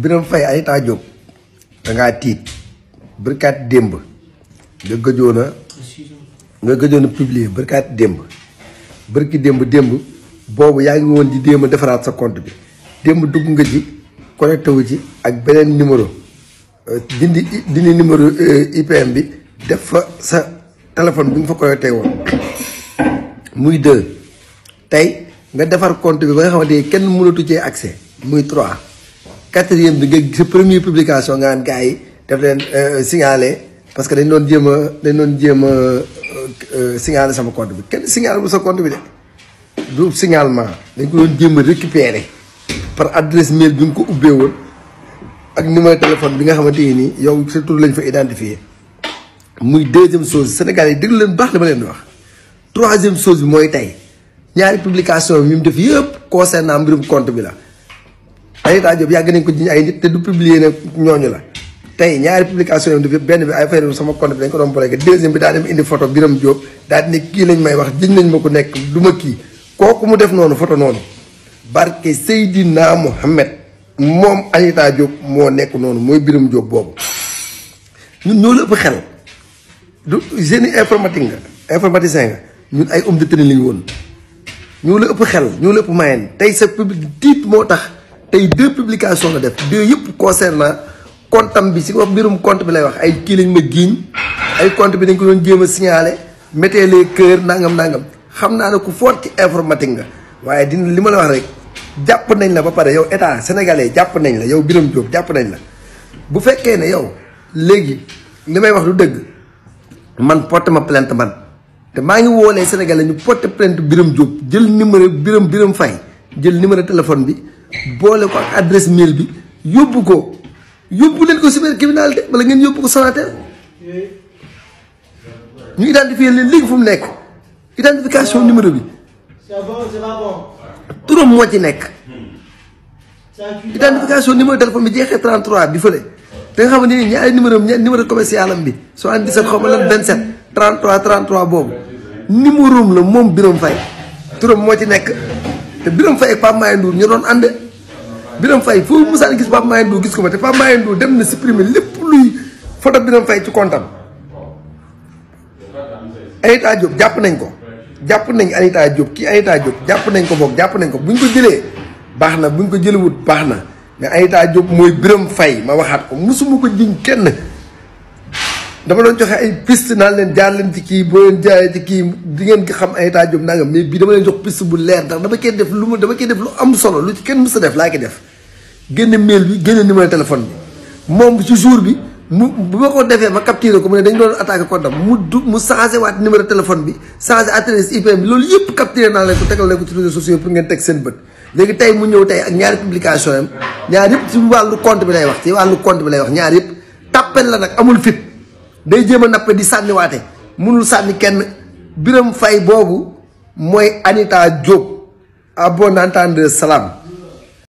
biram fay ay tajuk da nga tit bërkaat demb nga gëjoon nga gëjoon publier bërkaat demb bërki demb demb bobu yaa ngi woon di demb a defaraat sa compte bi demb dug nga ji connecté wu ci ak benen numéro euh, dindi dindi numéro euh, IPM bi def fa sa téléphone bu ngi fa connecté won muy 2 tay nga defar compte bi ba nga xamante ne kenn mënatu ci accès muy 3 quatrième bi nga première publication nga naan gars yi daf leen euh, signalé parce que dañ doon jéem dañ doon jéem signaler sama compte bi ken signaler bu sa compte bi de du signalement dañ ko doon jéem récupérer par adresse mail bi ngi ko ubbe won ak numéro téléphone bi nga xamante ni yow sa tour lañ fa identifier muy deuxième chose Sénégal yi déglu leen bax dama leen di wax troisième chose bi mooy ñaari publication bi mu def yépp concernant mbirum compte bi la Anita Diop yàgg nañ ko jiñ ay nit te du publier nag ñooñu la tey ñaari publication yi def benn bi ay fay sama compte bi dañ ko doon si deuxième bi daa dem indi photo Biram Diop daal di kii lañ may wax jiñ nañ ma ko nekk du ma kii kooku mu def noonu photo noonu barke Seydina Mohamed moom Anita Diop moo nekk noonu mooy Biram jóob boobu ñun ñoo la ëpp xel du génie informatique nga informaticien nga ñun ay homme de tenue la ñu la ëpp xel ñoo la tey sa public moo tax tey deux publications la def deux yëpp concernant compte bi si wax mbirum conte bi lay wax ay kii lañ ma giiñ ay conte bi dañ ko doon jéem a signalé mettee les cœurs nangam xam naa ne ku foot ci informatique nga waaye dina li ma la wax rek jàpp nañ la ba pare yow état sénégalais jàpp nañ la yow biram jóob jàpp nañ la bu fekkee ne yow léegi li may wax lu dëgg man porte ma plainte man te maa ngi woolee sénégalais ñu porte plainte biram Diop jël numéro Birame Birame Faye jël numéro téléphone bi bolé ko ak adresse mail bi yobbu ko yobbu len ko cybercriminalité wala ngeen yobbu ko Sonatel ñu identifier len léegi fu mu nekk identification numéro bi c'est moo ci nekk identification numéro téléphone bi jeexee 33 bi feulé te nga xamante ni ñaari numéro ñaari numéro commercial am bi 77 xom ma lan 27 33 33 bobu numéro am la mom birom fay turam mo ci nek te Birame Faye ak Pape Maye Ndour ñu doon ànd Birame Faye foofu musaan gis Pape Maye Ndour gis ko fa te Pape Maye Ndour dem na supprimer lépp luy photo Birame Faye ci kontam Anita Diop jàpp nañ ko jàpp nañ Anita Diop kii Anita Diop jàpp nañ ko boog jàpp nañ ko bu ñu ko jëlee baax na bu ñu ko jëlewut baax na mais Anita Diop mooy Birame fay ma waxaat ko musuma ko jiñ kenn dama doon joxe ay piste naan leen jaar leen ci kii boo leen jaayee ci kii di ngeen xam ay taa jom nangam mais bii dama leen jox pist bu leer ndax dama keen def lu ma dama koy def lu am solo lu ci kenn mës a def laa koy def génne mail bi génne numéro téléphone bi moom ci jour bi mu bu ma ko defee ma capturé ko mu ne dañ doon attaqué kontam mu du mu changé waat numéro téléphone bi changé adresse IP bi loolu yëpp capturé naa leen ko tegal leen ko ci réseaux sociaux pour ngeen seen bët léegi tey mu ñëw tey ak ñaari publication yam ñaar yëpp ci wàllu compte bi lay wax ci wàllu compte bi lay wax ñaar yëpp tàppel la nag amul fit day jéem a nappe di sànniwaate mënul sànni kenn biram fay boobu mooy Anita Diop à bon entendre salaam